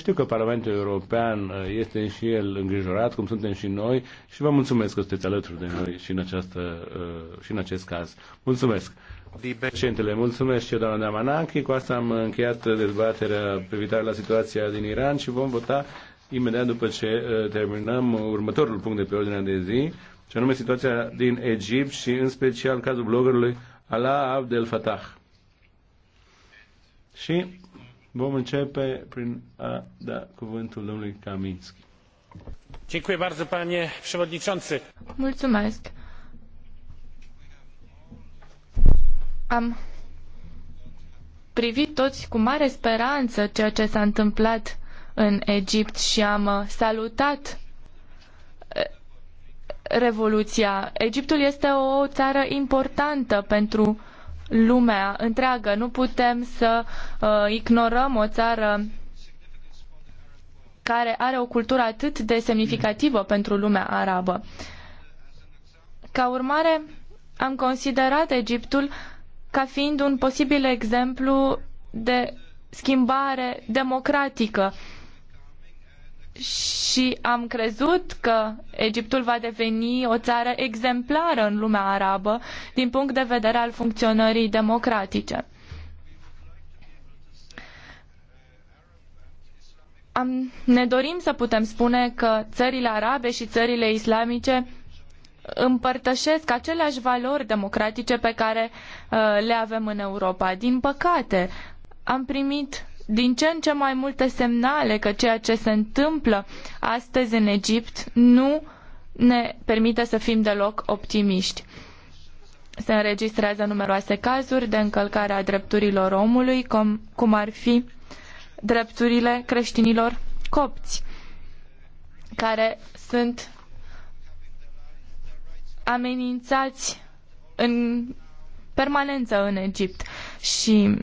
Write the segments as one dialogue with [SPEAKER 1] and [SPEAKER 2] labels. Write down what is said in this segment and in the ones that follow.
[SPEAKER 1] Știu că Parlamentul European uh, este și el îngrijorat, cum suntem și noi, și vă mulțumesc că sunteți alături de noi și în, această, uh, și în acest caz. Mulțumesc! Președintele, mulțumesc și eu, doamna Damanachi. Cu asta am încheiat dezbaterea privitoare la situația din Iran și vom vota imediat după ce uh, terminăm următorul punct de pe ordinea de zi, ce anume situația din Egipt și în special cazul bloggerului Ala Abdel Fatah. Și Vom începe prin a da cuvântul domnului Kaminski. Dziękuję bardzo, panie przewodniczący.
[SPEAKER 2] Mulțumesc. Am privit toți cu mare speranță ceea ce s-a întâmplat în Egipt și am uh, salutat uh, revoluția. Egiptul este o țară importantă pentru lumea întreagă. Nu putem să uh, ignorăm o țară care are o cultură atât de semnificativă pentru lumea arabă. Ca urmare, am considerat Egiptul ca fiind un posibil exemplu de schimbare democratică și am crezut că Egiptul va deveni o țară exemplară în lumea arabă din punct de vedere al funcționării democratice. Am, ne dorim să putem spune că țările arabe și țările islamice împărtășesc aceleași valori democratice pe care uh, le avem în Europa. Din păcate, am primit din ce în ce mai multe semnale că ceea ce se întâmplă astăzi în Egipt nu ne permite să fim deloc optimiști. Se înregistrează numeroase cazuri de încălcare a drepturilor omului, cum, cum ar fi drepturile creștinilor copți, care sunt amenințați în permanență în Egipt. Și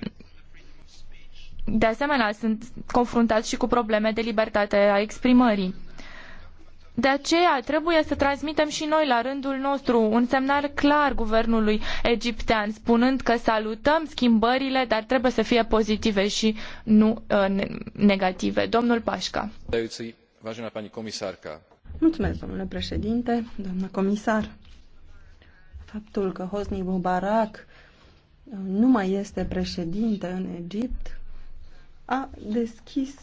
[SPEAKER 2] de asemenea sunt confruntați și cu probleme de libertate a exprimării. De aceea trebuie să transmitem și noi la rândul nostru un semnal clar guvernului egiptean, spunând că salutăm schimbările, dar trebuie să fie pozitive și nu uh, negative. Domnul Pașca. Mulțumesc, domnule președinte, doamnă
[SPEAKER 3] comisar. Faptul că Hosni Mubarak nu mai este președinte în Egipt a deschis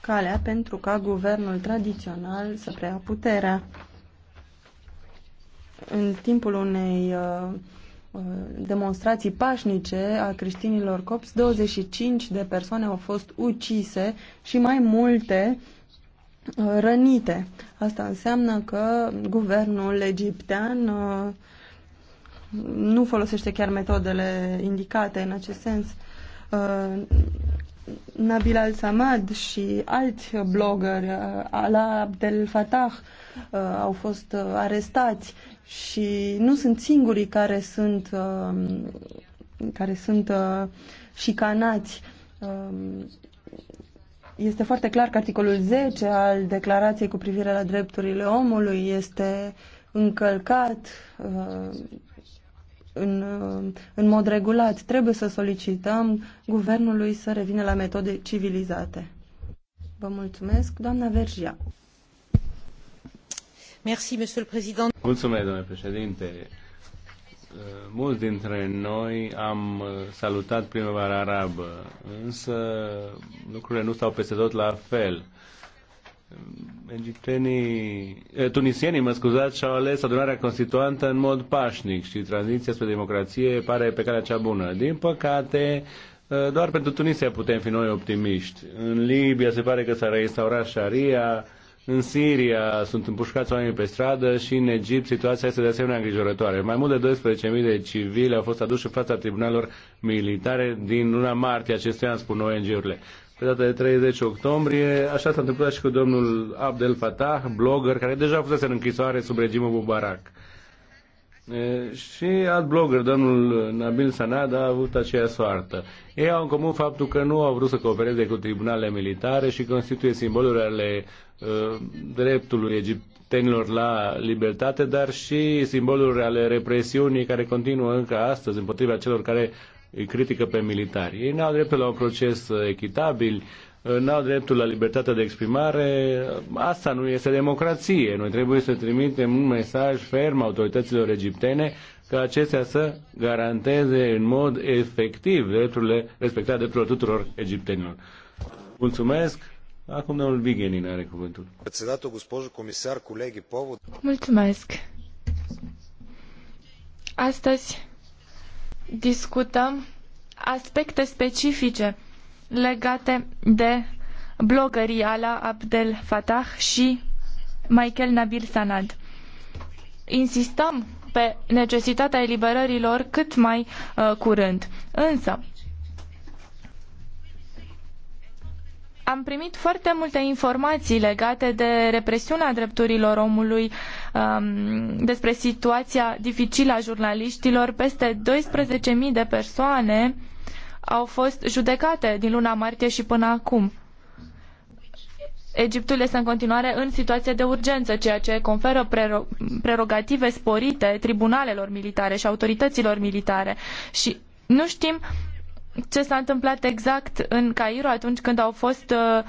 [SPEAKER 3] calea pentru ca guvernul tradițional să preia puterea. În timpul unei uh, uh, demonstrații pașnice a creștinilor copți, 25 de persoane au fost ucise și mai multe uh, rănite. Asta înseamnă că guvernul egiptean nu folosește chiar metodele indicate în acest sens. Nabil Al-Samad și alți blogger, uh, Ala Abdel Fattah, uh, au fost uh, arestați și nu sunt singurii care sunt, um, care sunt șicanați. Um, este foarte clar că articolul 10 al declarației cu privire la drepturile omului este încălcat în, în mod regulat. Trebuie să solicităm guvernului să revină la metode civilizate. Vă mulțumesc, doamna Vergia. Merci, monsieur le président.
[SPEAKER 1] Mulțumesc, domnule președinte. Mulți dintre noi am salutat primăvara arabă, însă lucrurile nu stau peste tot la fel egiptenii, eh, tunisienii, mă scuzați, și-au ales adunarea constituantă în mod pașnic și tranziția spre democrație pare pe calea cea bună. Din păcate, eh, doar pentru Tunisia putem fi noi optimiști. În Libia se pare că s-a reinstaurat șaria, în Siria sunt împușcați oamenii pe stradă și în Egipt situația este de asemenea îngrijorătoare. Mai mult de 12.000 de civili au fost aduși în fața tribunalelor militare din luna martie acestui an, spun ONG-urile pe data de 30 octombrie. Așa s-a întâmplat și cu domnul Abdel Fattah, blogger, care deja fost în închisoare sub regimul Mubarak. Și alt blogger, domnul Nabil Sanad, a avut aceea soartă. Ei au în comun faptul că nu au vrut să coopereze cu tribunalele militare și constituie simboluri ale uh, dreptului egiptenilor la libertate, dar și simboluri ale represiunii care continuă încă astăzi împotriva celor care îi critică pe militari. Ei n-au dreptul la un proces echitabil, n-au dreptul la libertatea de exprimare. Asta nu este democrație. Noi trebuie să trimitem un mesaj ferm autorităților egiptene ca acestea să garanteze în mod efectiv drepturile, respectate drepturilor tuturor egiptenilor. Mulțumesc! Acum domnul Vigenin are cuvântul. Председател,
[SPEAKER 2] Mulțumesc! Astăzi discutăm aspecte specifice legate de blogării Ala Abdel Fattah și Michael Nabil Sanad. Insistăm pe necesitatea eliberării lor cât mai uh, curând. Însă, am primit foarte multe informații legate de represiunea drepturilor omului, um, despre situația dificilă a jurnaliștilor. Peste 12.000 de persoane au fost judecate din luna martie și până acum. Egiptul este în continuare în situație de urgență, ceea ce conferă prerogative sporite tribunalelor militare și autorităților militare. Și nu știm ce s-a întâmplat exact în Cairo atunci când au fost uh,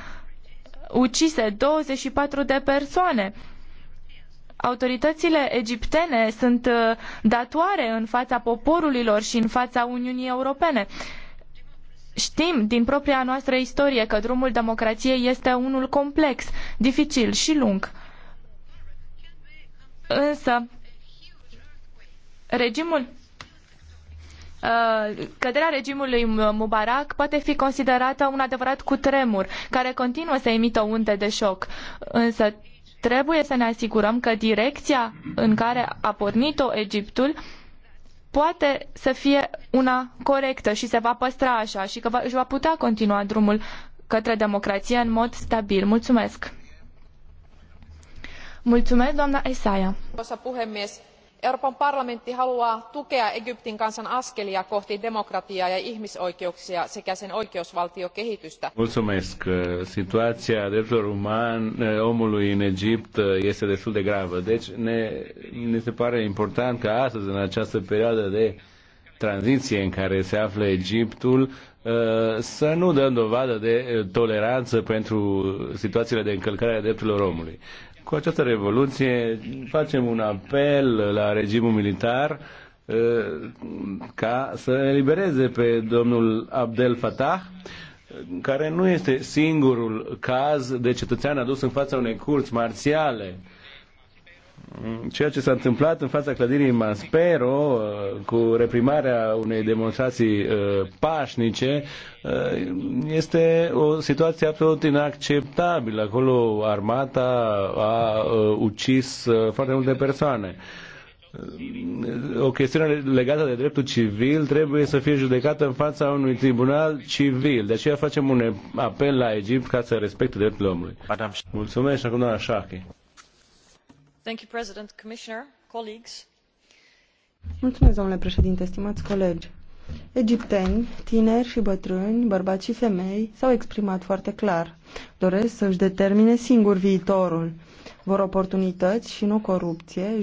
[SPEAKER 2] ucise 24 de persoane. Autoritățile egiptene sunt uh, datoare în fața poporului lor și în fața Uniunii Europene. Știm din propria noastră istorie că drumul democrației este unul complex, dificil și lung. Însă, regimul Uh, căderea regimului Mubarak poate fi considerată un adevărat cutremur, care continuă să emită unde de șoc. Însă trebuie să ne asigurăm că direcția în care a pornit-o Egiptul poate să fie una corectă și se va păstra așa și că va, își va putea continua drumul către democrație în mod stabil. Mulțumesc! Mulțumesc, doamna Esaia!
[SPEAKER 4] euroopan parlamentti haluaa tukea egyptin kansan askelia kohti demokratiaa ja ihmisoikeuksia sekä sen oikeusvaltiokehitystä.
[SPEAKER 1] situația drepturilor omului în egipt este destul de gravă deci ne, ne se pare important ca astăzi în această perioadă de tranziție în care se află Egiptul uh, să nu dăm dovadă de toleranță pentru situațiile de încălcare a drepturilor omului. Cu această revoluție facem un apel la regimul militar uh, ca să elibereze pe domnul Abdel Fattah, care nu este singurul caz de cetățean adus în fața unei curți marțiale ceea ce s-a întâmplat în fața clădirii Maspero uh, cu reprimarea unei demonstrații uh, pașnice uh, este o situație absolut inacceptabilă. Acolo armata a ucis foarte multe persoane. O chestiune legată de dreptul civil trebuie să fie judecată în fața unui tribunal civil. De aceea facem un apel la Egipt ca să respecte dreptul omului. Mulțumesc acum doamna Shaki.
[SPEAKER 2] Mulțumesc,
[SPEAKER 3] colegi. Egipteni, tineri și bătrâni, bărbați și femei s-au exprimat foarte clar. Doresc să îi determine singur viitorul. Vor oportunităi și nu corupție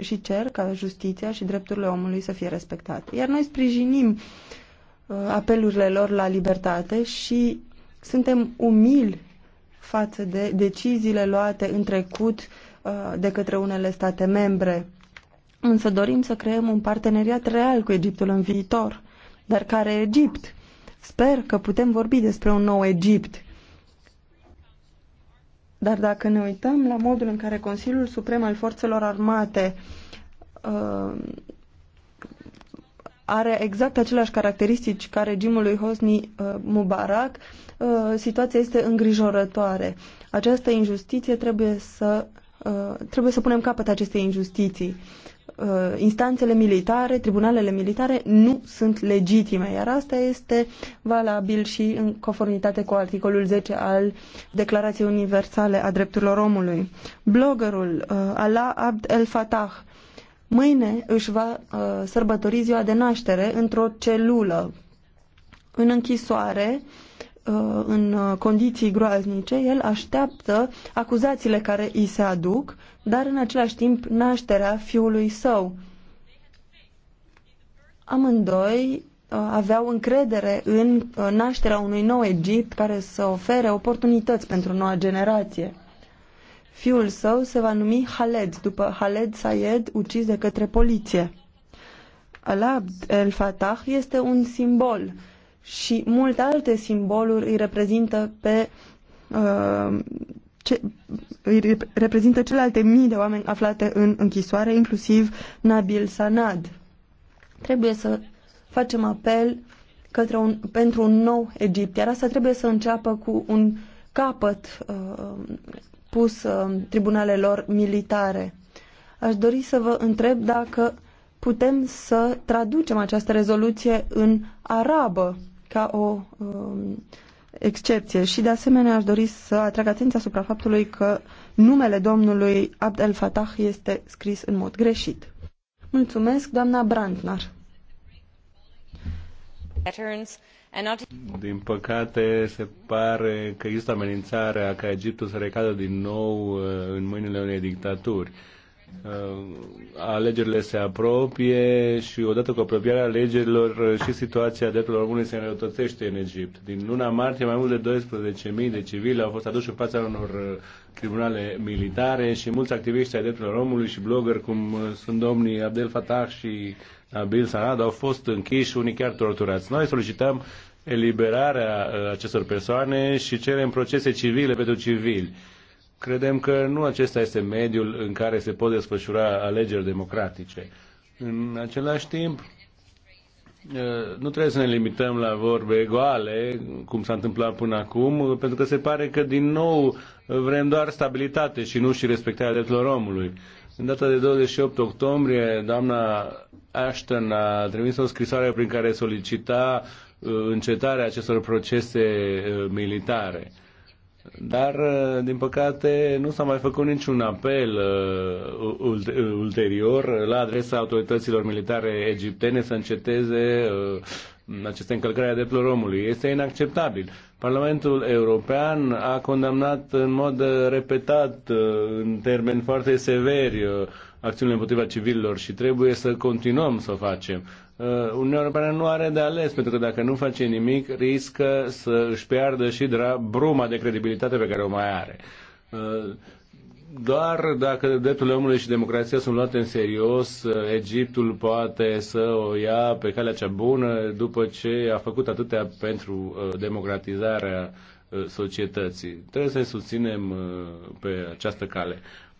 [SPEAKER 3] și cer ca justiția și drepturile omului să fie respectate. Iar noi sprijinim uh, apelurile lor la libertate și suntem umili față de deciziile luate în trecut uh, Uh, de către unele state membre. Însă dorim să creăm un parteneriat real cu Egiptul în viitor. Dar care Egipt? Sper că putem vorbi despre un nou Egipt. Dar dacă ne uităm la modul în care Consiliul Suprem al Forțelor Armate uh, are exact aceleași caracteristici ca regimul lui Hosni uh, Mubarak, uh, situația este îngrijorătoare. Această injustiție trebuie să Uh, trebuie să punem capăt acestei injustiții. Uh, instanțele militare, tribunalele militare nu sunt legitime, iar asta este valabil și în conformitate cu articolul 10 al Declarației Universale a Drepturilor Omului. Bloggerul uh, Ala Abd El Fatah mâine își va sărbători ziua de naștere într-o celulă în închisoare Uh, în uh, condiții groaznice, el așteaptă acuzațiile care îi se aduc, dar în același timp nașterea fiului său. Amândoi uh, aveau încredere în nașterea unui nou Egipt care să ofere oportunități pentru noua generație. Fiul său se va numi Haled, după Haled Sayed, ucis de către poliție. Alabd el-Fatah este un simbol și multe alte simboluri îi reprezintă pe uh, ce, îi reprezintă celelalte mii de oameni aflate în închisoare, inclusiv Nabil Sanad. Trebuie să facem apel către un, pentru un nou Egipt, iar asta trebuie să înceapă cu un capăt uh, pus uh, tribunalelor militare. Aș dori să vă întreb dacă putem să traducem această rezoluție în arabă ca o um, excepție. Și de asemenea aș dori să atrag atenția asupra faptului că numele domnului Abd el Fatah este scris în mod greșit. Mulțumesc, doamna Brandnar.
[SPEAKER 1] Din păcate, se pare că există amenințarea ca Egiptul să recadă din nou uh, în mâinile unei dictaturi. Uh, alegerile se apropie și odată cu apropierea alegerilor uh, și situația drepturilor omului se înrăutățește în Egipt. Din luna martie mai mult de 12.000 de civili au fost aduși în fața unor uh, tribunale militare și mulți activiști ai drepturilor omului și blogger cum sunt domnii Abdel Fattah și Abil Sarad au fost închiși, unii chiar torturați. Noi solicităm eliberarea acestor persoane și cerem procese civile pentru civili Credem că nu acesta este mediul în care se pot desfășura alegeri democratice. În același timp, nu trebuie să ne limităm la vorbe goale, cum s-a întâmplat până acum, pentru că se pare că din nou vrem doar stabilitate și nu și respectarea drepturilor omului. În data de 28 octombrie, doamna Ashton a trimis o scrisoare prin care solicita încetarea acestor procese militare. Dar, uh, din păcate, nu s-a mai făcut niciun apel uh, uh ulterior uh, la adresa autorităților militare egiptene să înceteze uh, aceste încălcări a drepturilor omului. Este inacceptabil. Parlamentul European a condamnat în mod repetat, uh, în termeni foarte severi, uh, acțiunile împotriva civililor și trebuie să continuăm să o facem. Uh, Uniunea Europeană nu are de ales, pentru că dacă nu face nimic, riscă să își piardă și bruma de credibilitate pe care o mai are. Uh, doar dacă drepturile omului și democrația sunt luate în serios, uh, Egiptul poate să o ia pe calea cea bună după ce a făcut atâtea pentru democratizarea societății. Trebuie să-i susținem pe această cale.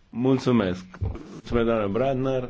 [SPEAKER 1] Mulțumesc. Mulțumesc, doamnă Bradner.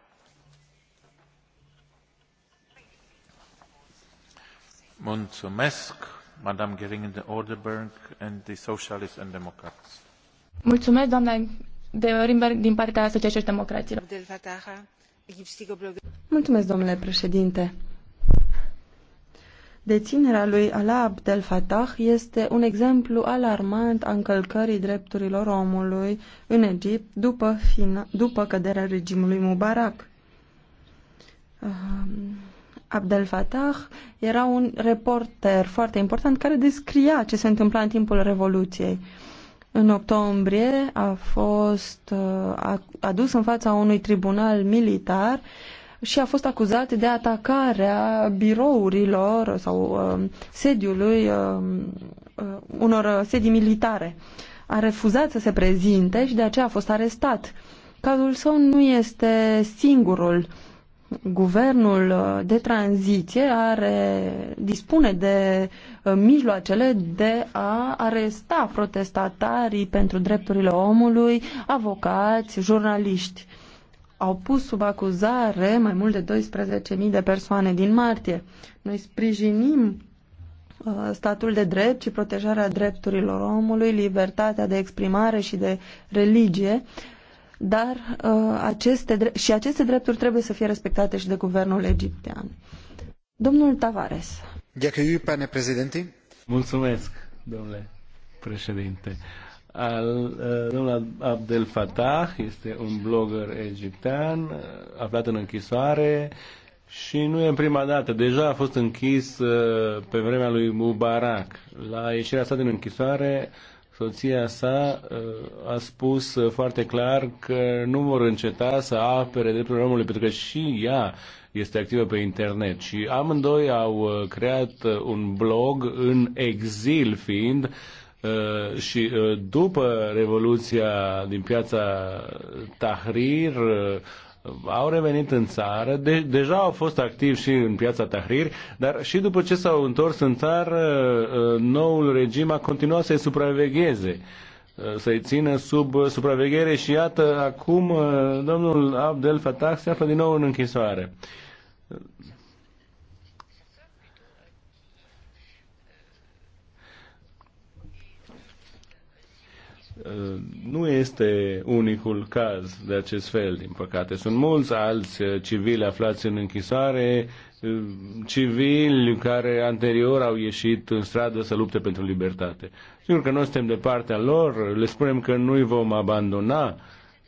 [SPEAKER 1] Mulțumesc, Madame de
[SPEAKER 2] din partea Democraților.
[SPEAKER 3] domnule președinte. Deținerea lui alaa Abdel Fattah este un exemplu alarmant al încălcării drepturilor omului în Egipt după, fina, după căderea regimului Mubarak. Abdel Fattah era un reporter foarte important care descria ce se întâmpla în timpul Revoluției. În octombrie a fost uh, adus în fața unui tribunal militar și a fost acuzat de atacarea birourilor sau uh, sediului uh, unor sedii militare. A refuzat să se prezinte și de aceea a fost arestat. Cazul său nu este singurul guvernul uh, de tranziție are, dispune de uh, mijloacele de a aresta protestatarii pentru drepturile omului, avocați, jurnaliști. Au pus sub acuzare mai mult de 12.000 de persoane din martie. Noi sprijinim uh, statul de drept și protejarea drepturilor omului, libertatea de exprimare și de religie, dar uh, aceste, și aceste drepturi trebuie să fie respectate și de guvernul egiptean. Domnul Tavares.
[SPEAKER 1] Mulțumesc, domnule președinte. Al, uh, domnul Abdel Fattah este un blogger egiptean uh, aflat în închisoare și nu e în prima dată. Deja a fost închis pe vremea lui Mubarak. La ieșirea sa din închisoare soția sa uh, a spus uh, foarte clar că nu vor înceta să apere drepturile omului, pentru că și ea este activă pe internet și amândoi au uh, creat un blog în exil fiind și după Revoluția din piața Tahrir au revenit în țară, de, deja au fost activi și în piața Tahrir, dar și după ce s-au întors în țară, uh, noul regim a continuat să-i supravegheze uh, să-i țină sub uh, supraveghere și iată acum domnul Abdel Fatah se află din nou în închisoare. nu este unicul caz de acest fel, din păcate. Sunt mulți alți uh, civili aflați în închisoare, uh, civili care anterior au ieșit în stradă să lupte pentru libertate. Sigur că noi suntem de partea lor, le spunem că nu îi vom abandona,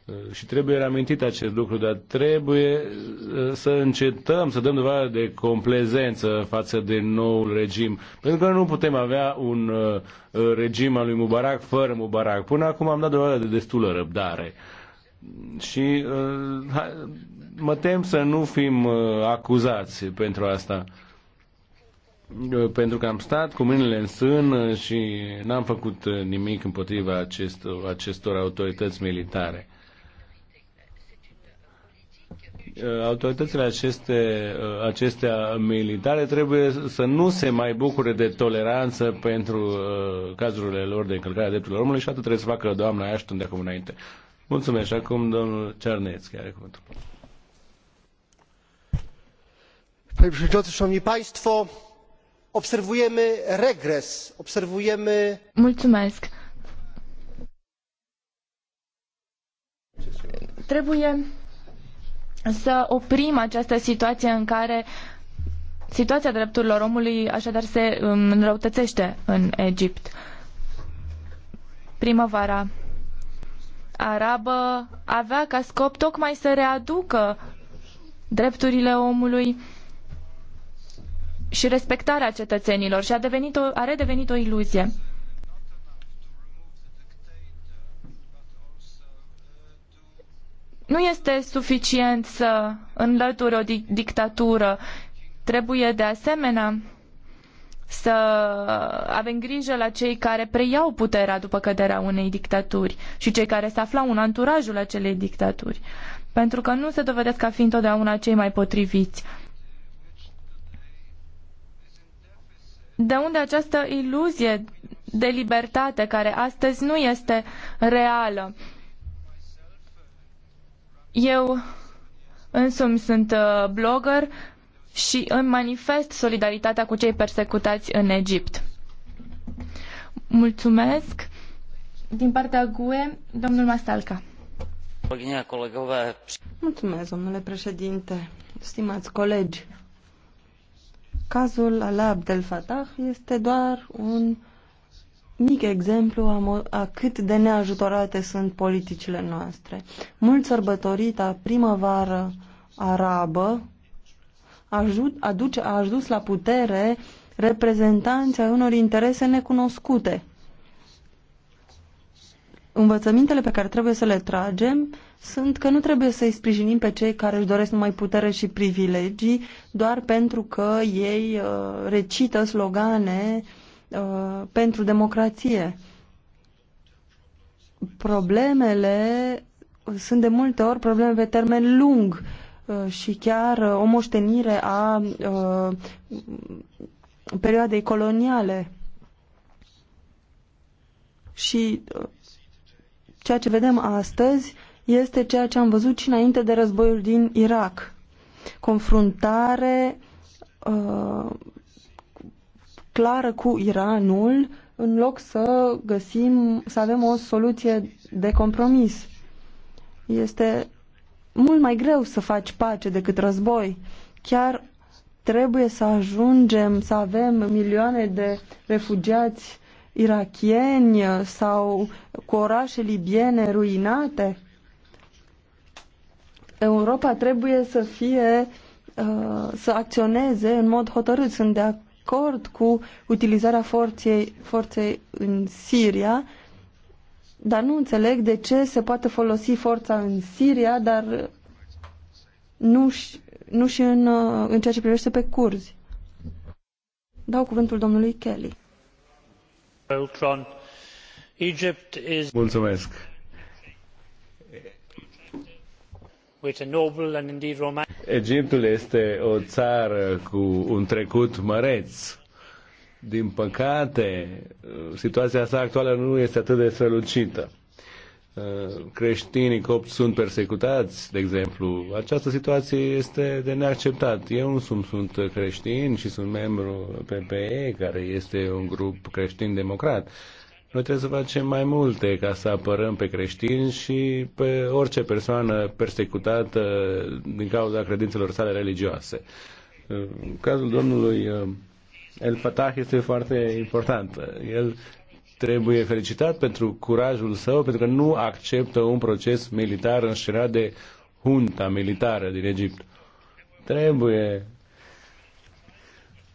[SPEAKER 1] Uh, și trebuie reamintit acest lucru, dar trebuie uh, să încetăm, să dăm dovadă de complezență față de noul regim. Pentru că nu putem avea un uh, regim al lui Mubarak fără Mubarak. Până acum am dat dovadă de destulă răbdare. Și mă tem să nu fim acuzați pentru asta pentru că am stat cu mâinile în sân și n-am făcut nimic împotriva acestor, acestor autorități militare. Uh, autoritățile aceste, uh, acestea militare trebuie să nu se mai bucure de toleranță pentru uh, cazurile lor de încălcare a drepturilor omului și atât trebuie să facă doamna Ashton de acum înainte. Mulțumesc. Și acum domnul Cernețchi are cuvântul.
[SPEAKER 5] Panie Przewodniczący, Szanowni Państwo, obserwujemy regres, obserwujemy...
[SPEAKER 2] Mulțumesc. Trebuie să oprim această situație în care situația drepturilor omului așadar se um, înrăutățește în Egipt. Primăvara arabă avea ca scop tocmai să readucă drepturile omului și respectarea cetățenilor și a, devenit o, a redevenit o iluzie. nu este suficient să înlături o di dictatură. Trebuie de asemenea să avem grijă la cei care preiau puterea după căderea unei dictaturi și cei care se aflau în anturajul acelei dictaturi. Pentru că nu se dovedesc a fi întotdeauna cei mai potriviți. De unde această iluzie de libertate care astăzi nu este reală? Eu însumi sunt uh, blogger și îmi manifest solidaritatea cu cei persecutați în Egipt. Mulțumesc. Din partea GUE, domnul Mastalca.
[SPEAKER 3] Mulțumesc, domnule președinte. Stimați colegi, cazul Ala Abdel Fattah este doar un mic exemplu a, a cât de neajutorate sunt politicile noastre. Mult sărbătorita primăvară arabă ajut, aduce, a ajuns la putere reprezentanța unor interese necunoscute. Învățămintele pe care trebuie să le tragem sunt că nu trebuie să-i sprijinim pe cei care își doresc numai putere și privilegii doar pentru că ei uh, recită slogane uh, Uh, pentru democrație. Problemele sunt de multe ori probleme pe termen lung uh, și chiar uh, o moștenire a perioadei coloniale. Și ceea ce vedem astăzi este ceea ce am văzut și înainte de războiul din Irak. Confruntare clară cu Iranul în loc să găsim, să avem o soluție de compromis. Este mult mai greu să faci pace decât război. Chiar trebuie să ajungem să avem milioane de refugiați irachieni sau cu orașe libiene ruinate. Europa trebuie să fie uh, să acționeze în mod hotărât. Sunt de acord cu utilizarea forței, forței în Siria, dar nu înțeleg de ce se poate folosi forța în Siria, dar nu și, nu și în, în ceea ce privește pe curzi. Dau cuvântul domnului Kelly.
[SPEAKER 5] Mulțumesc.
[SPEAKER 1] Egiptul este o țară cu un trecut măreț. Din păcate, situația sa actuală nu este atât de strălucită. Uh, creștinii copți sunt persecutați, de exemplu. Această situație este de neacceptat. Eu nu sunt, sunt creștin și sunt membru PPE, care este un grup creștin-democrat. Uh, noi trebuie să facem mai multe ca să apărăm pe creștini și pe orice persoană persecutată din cauza credințelor sale religioase. În Cazul domnului uh, El Fatah este foarte important. El trebuie felicitat pentru curajul său, pentru că nu acceptă un proces militar înșirat de junta militară din Egipt. Trebuie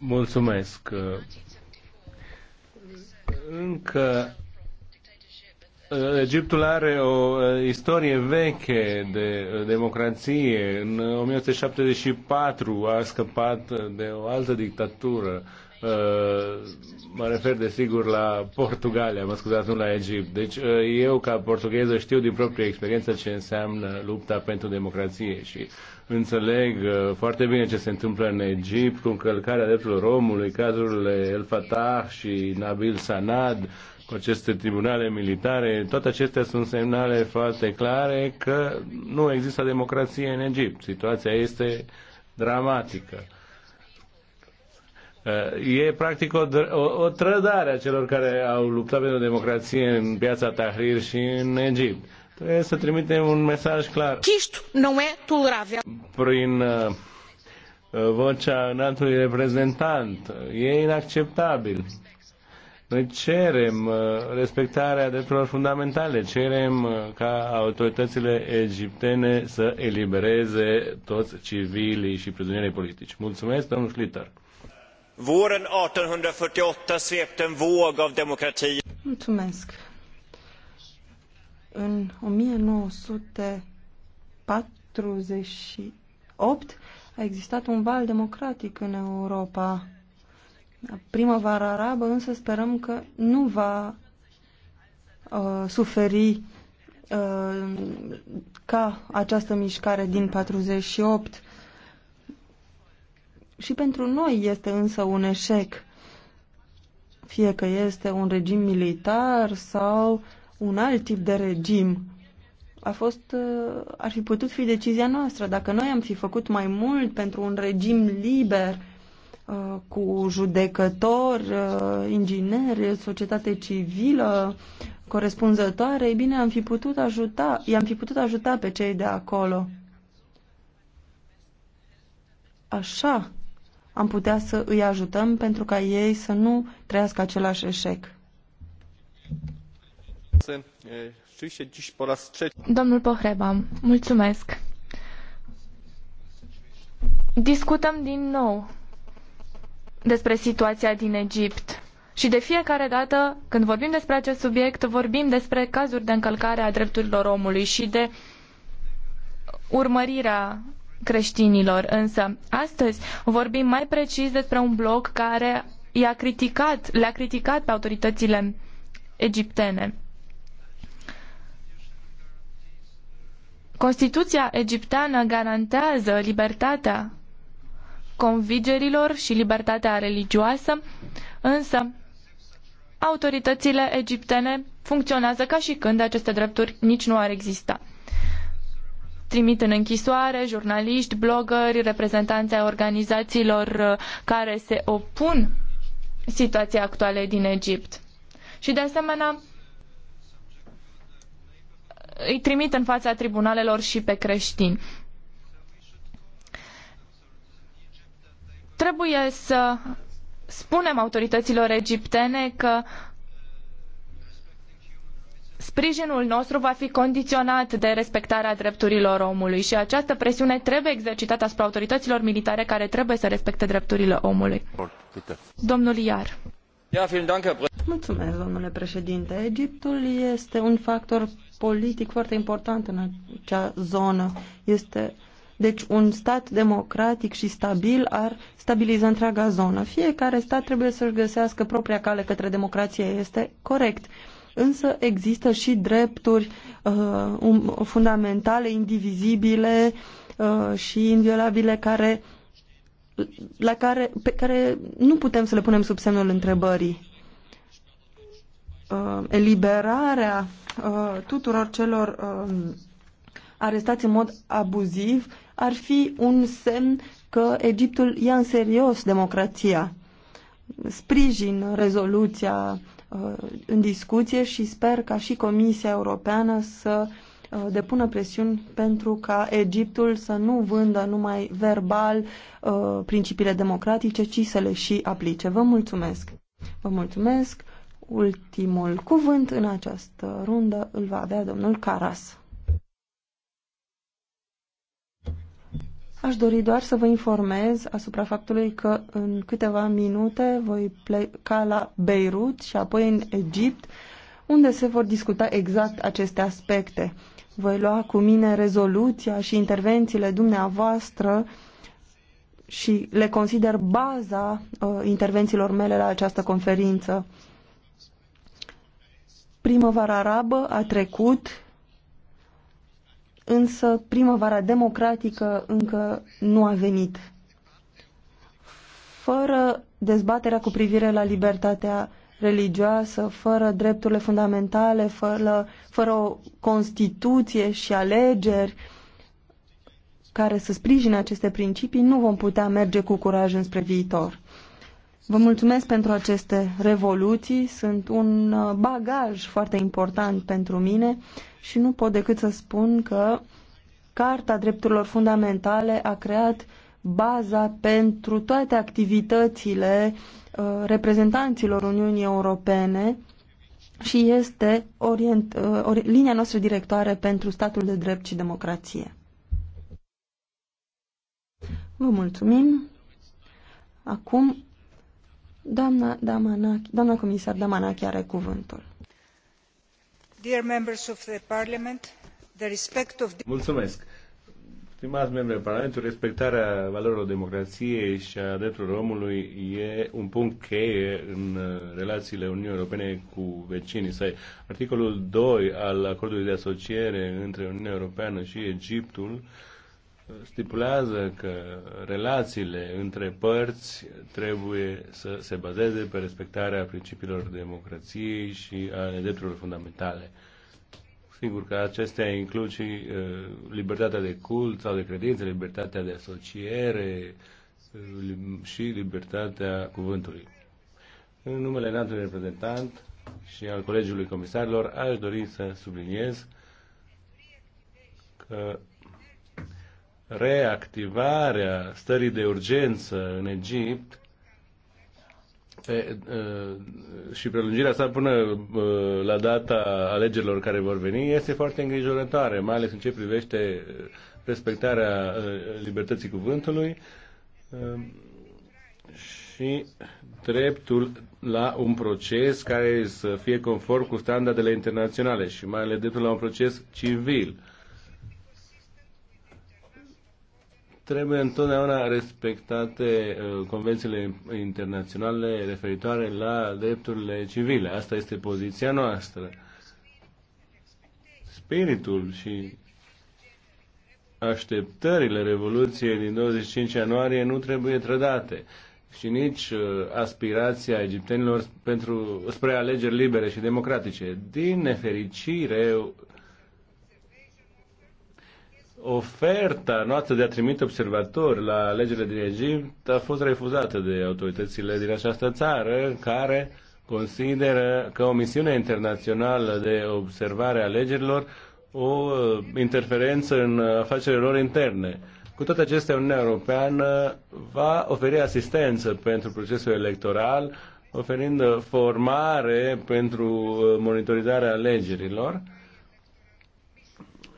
[SPEAKER 1] Mulțumesc. Încă uh, Egiptul are o uh, istorie veche de uh, democrație. În 1974 a scăpat de o altă dictatură Uh, mă refer desigur la Portugalia, mă scuzați, nu la Egipt. Deci uh, eu ca portugheză știu din proprie experiență ce înseamnă lupta pentru democrație și înțeleg uh, foarte bine ce se întâmplă în Egipt cu încălcarea drepturilor omului, cazurile El Fatah și Nabil Sanad, cu aceste tribunale militare, toate acestea sunt semnale foarte clare că nu există democrație în Egipt. Situația este dramatică. E practic o, o, o trădare a celor care au luptat pentru democrație în piața Tahrir și în Egipt. Trebuie să trimitem un mesaj clar. Isto
[SPEAKER 6] nu e tolerabil.
[SPEAKER 1] Prin uh, vocea înaltului reprezentant. E inacceptabil. Noi cerem uh, respectarea drepturilor fundamentale, cerem uh, ca autoritățile egiptene să elibereze toți civilii și prizonierii politici. Mulțumesc, domnul Schlitter. Våren 1848 svepte en våg av demokrati.
[SPEAKER 3] Mulțumesc. În 1948 a existat un val democratic în Europa. Primăvara arabă însă sperăm că nu va uh, suferi uh, ca această mișcare din 48 și pentru noi este însă un eșec, fie că este un regim militar sau un alt tip de regim. A fost, uh, ar fi putut fi decizia noastră. Dacă noi am fi făcut mai mult pentru un regim liber, uh, cu judecători, uh, ingineri, societate civilă corespunzătoare, ei bine, am fi putut ajuta, i-am fi putut ajuta pe cei de acolo. Așa am putea să îi ajutăm pentru ca ei să nu trăiască același eșec.
[SPEAKER 7] Domnul
[SPEAKER 2] Pohreba, mulțumesc. Discutăm din nou despre situația din Egipt. Și de fiecare dată când vorbim despre acest subiect, vorbim despre cazuri de încălcare a drepturilor omului și de urmărirea creștinilor. Însă, astăzi vorbim mai precis despre un bloc care i-a criticat, le-a criticat pe autoritățile egiptene. Constituția egipteană garantează libertatea convingerilor și libertatea religioasă, însă autoritățile egiptene funcționează ca și când aceste drepturi nici nu ar exista trimit în închisoare jurnaliști, blogări, reprezentanți ai organizațiilor uh, care se opun situației actuale din Egipt. Și de asemenea, îi trimit în fața tribunalelor și pe creștini. Trebuie să spunem autorităților egiptene că Sprijinul nostru va fi condiționat de respectarea drepturilor omului și această presiune trebuie exercitată asupra autorităților militare care trebuie să respecte drepturile omului. Domnul Iar.
[SPEAKER 3] Mulțumesc, domnule președinte. Egiptul este un factor politic foarte important în acea zonă. Este deci un stat democratic și stabil ar stabiliza întreaga zonă. Fiecare stat trebuie să-și găsească propria cale către democrație. Este corect însă există și drepturi uh, um, fundamentale, indivizibile uh, și inviolabile care, la care, pe care nu putem să le punem sub semnul întrebării. Uh, eliberarea tuturor celor um, arestați în mod abuziv ar fi un semn că Egiptul ia în serios democrația. Sprijin rezoluția Uh, în discuție și sper ca și Comisia Europeană să uh, depună presiuni pentru ca Egiptul să nu vândă numai verbal uh, principiile democratice, ci să le și aplice. Vă mulțumesc! Vă mulțumesc! Ultimul cuvânt în această rundă îl va avea domnul Caras. Aș dori doar să vă informez asupra faptului că în câteva minute voi pleca la Beirut și apoi în Egipt, unde se vor discuta exact aceste aspecte. Voi lua cu mine rezoluția și intervențiile dumneavoastră și le consider baza uh, intervențiilor mele la această conferință. Primăvara arabă a trecut însă primăvara democratică încă nu a venit. Fără dezbaterea cu privire la libertatea religioasă, fără drepturile fundamentale, fără, fără o constituție și alegeri care să sprijine aceste principii, nu vom putea merge cu curaj înspre viitor. Vă mulțumesc pentru aceste revoluții, sunt un uh, bagaj foarte important pentru mine și nu pot decât să spun că Carta Drepturilor Fundamentale a creat baza pentru toate activitățile uh, reprezentanților Uniunii Europene și este orient, uh, or, linia noastră directoare pentru statul de drept și democrație. Vă mulțumim. Acum Doamna, Damanac, doamna comisar Damanachi are cuvântul.
[SPEAKER 7] Dear members of the Parliament, the respect of... Mulțumesc.
[SPEAKER 1] Stimați membri ai Parlamentului, respectarea valorilor democrației și a drepturilor omului e un punct cheie în uh, relațiile Uniunii Europene cu vecinii săi. Articolul 2 al acordului de asociere între Uniunea Europeană și Egiptul stipulează că relațiile între părți trebuie să se bazeze pe respectarea principiilor democrației și a drepturilor fundamentale. Sigur că acestea includ și uh, libertatea de cult sau de credință, libertatea de asociere uh, și libertatea cuvântului. În numele înaltului reprezentant și al Colegiului Comisarilor, aș dori să subliniez că reactivarea stării de urgență în Egipt pe, uh, și prelungirea sa până uh, la data alegerilor care vor veni este foarte îngrijorătoare, mai ales în ce privește respectarea uh, libertății cuvântului și dreptul la un proces care să fie conform cu standardele internaționale și mai ales dreptul la un proces civil trebuie întotdeauna respectate uh, convențiile internaționale referitoare la drepturile civile. Asta este poziția noastră. Spiritul și așteptările Revoluției din 25 ianuarie nu trebuie trădate și nici uh, aspirația egiptenilor pentru, spre alegeri libere și democratice. Din nefericire, oferta noastră de a trimite observatori la legile din Egipt a fost refuzată de autoritățile din această țară, care consideră că o misiune internațională de observare a legilor o uh, interferență în afacerile lor interne. Cu toate acestea, Uniunea Europeană va oferi asistență pentru procesul electoral, oferind formare pentru uh, monitorizarea alegerilor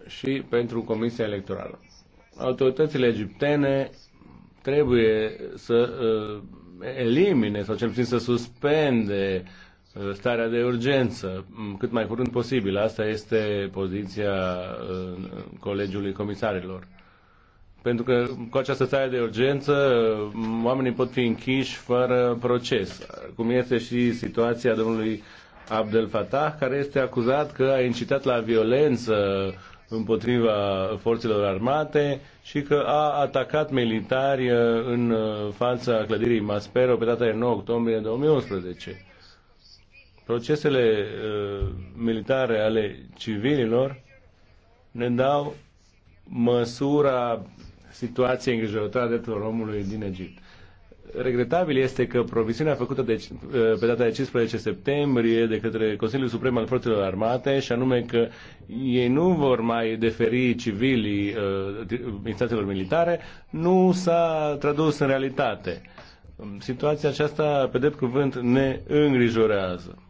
[SPEAKER 1] și pentru Comisia Electorală. Autoritățile egiptene trebuie să uh, elimine sau cel puțin să suspende uh, starea de urgență mm, cât mai curând posibil. Asta este poziția uh, Colegiului Comisarilor. Pentru că cu această stare de urgență mm, oamenii pot fi închiși fără proces, cum este și situația domnului Abdel Fattah, care este acuzat că a incitat la violență împotriva forțelor armate și că a atacat militari uh, în uh, fața clădirii Maspero pe data de 9 octombrie 2011. Procesele uh, militare ale civililor ne dau măsura situației îngrijorătoare a drepturilor omului din Egipt regretabil este că provisiunea făcută de, eh, pe data de 15 septembrie de către Consiliul Suprem al Forțelor Armate, și anume că ei nu vor mai deferi civilii uh, instanțelor militare, nu s-a tradus în realitate. Situația aceasta, pe drept cuvânt, ne îngrijorează.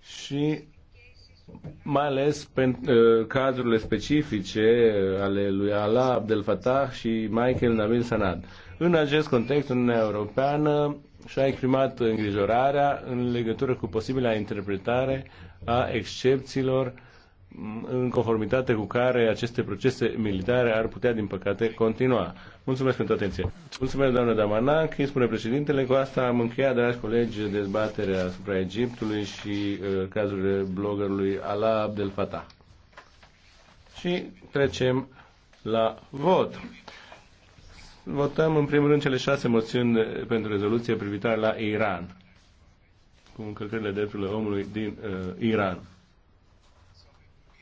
[SPEAKER 1] Și mai ales pentru uh, cazurile specifice ale lui Allah Abdel Fattah și Michael Nabil Sanad. În acest context, Uniunea Europeană și-a exprimat îngrijorarea în legătură cu posibila interpretare a excepțiilor în conformitate cu care aceste procese militare ar putea, din păcate, continua. Mulțumesc pentru atenție. Mulțumesc, doamnă îi spune președintele. Cu asta am încheiat, dragi colegi, dezbaterea asupra Egiptului și uh, cazurile bloggerului Ala Abdel Fattah. Și trecem la vot. Votăm, în primul rând, cele șase moțiuni pentru rezoluție privitoare la Iran cu încălcările drepturilor omului din uh, Iran.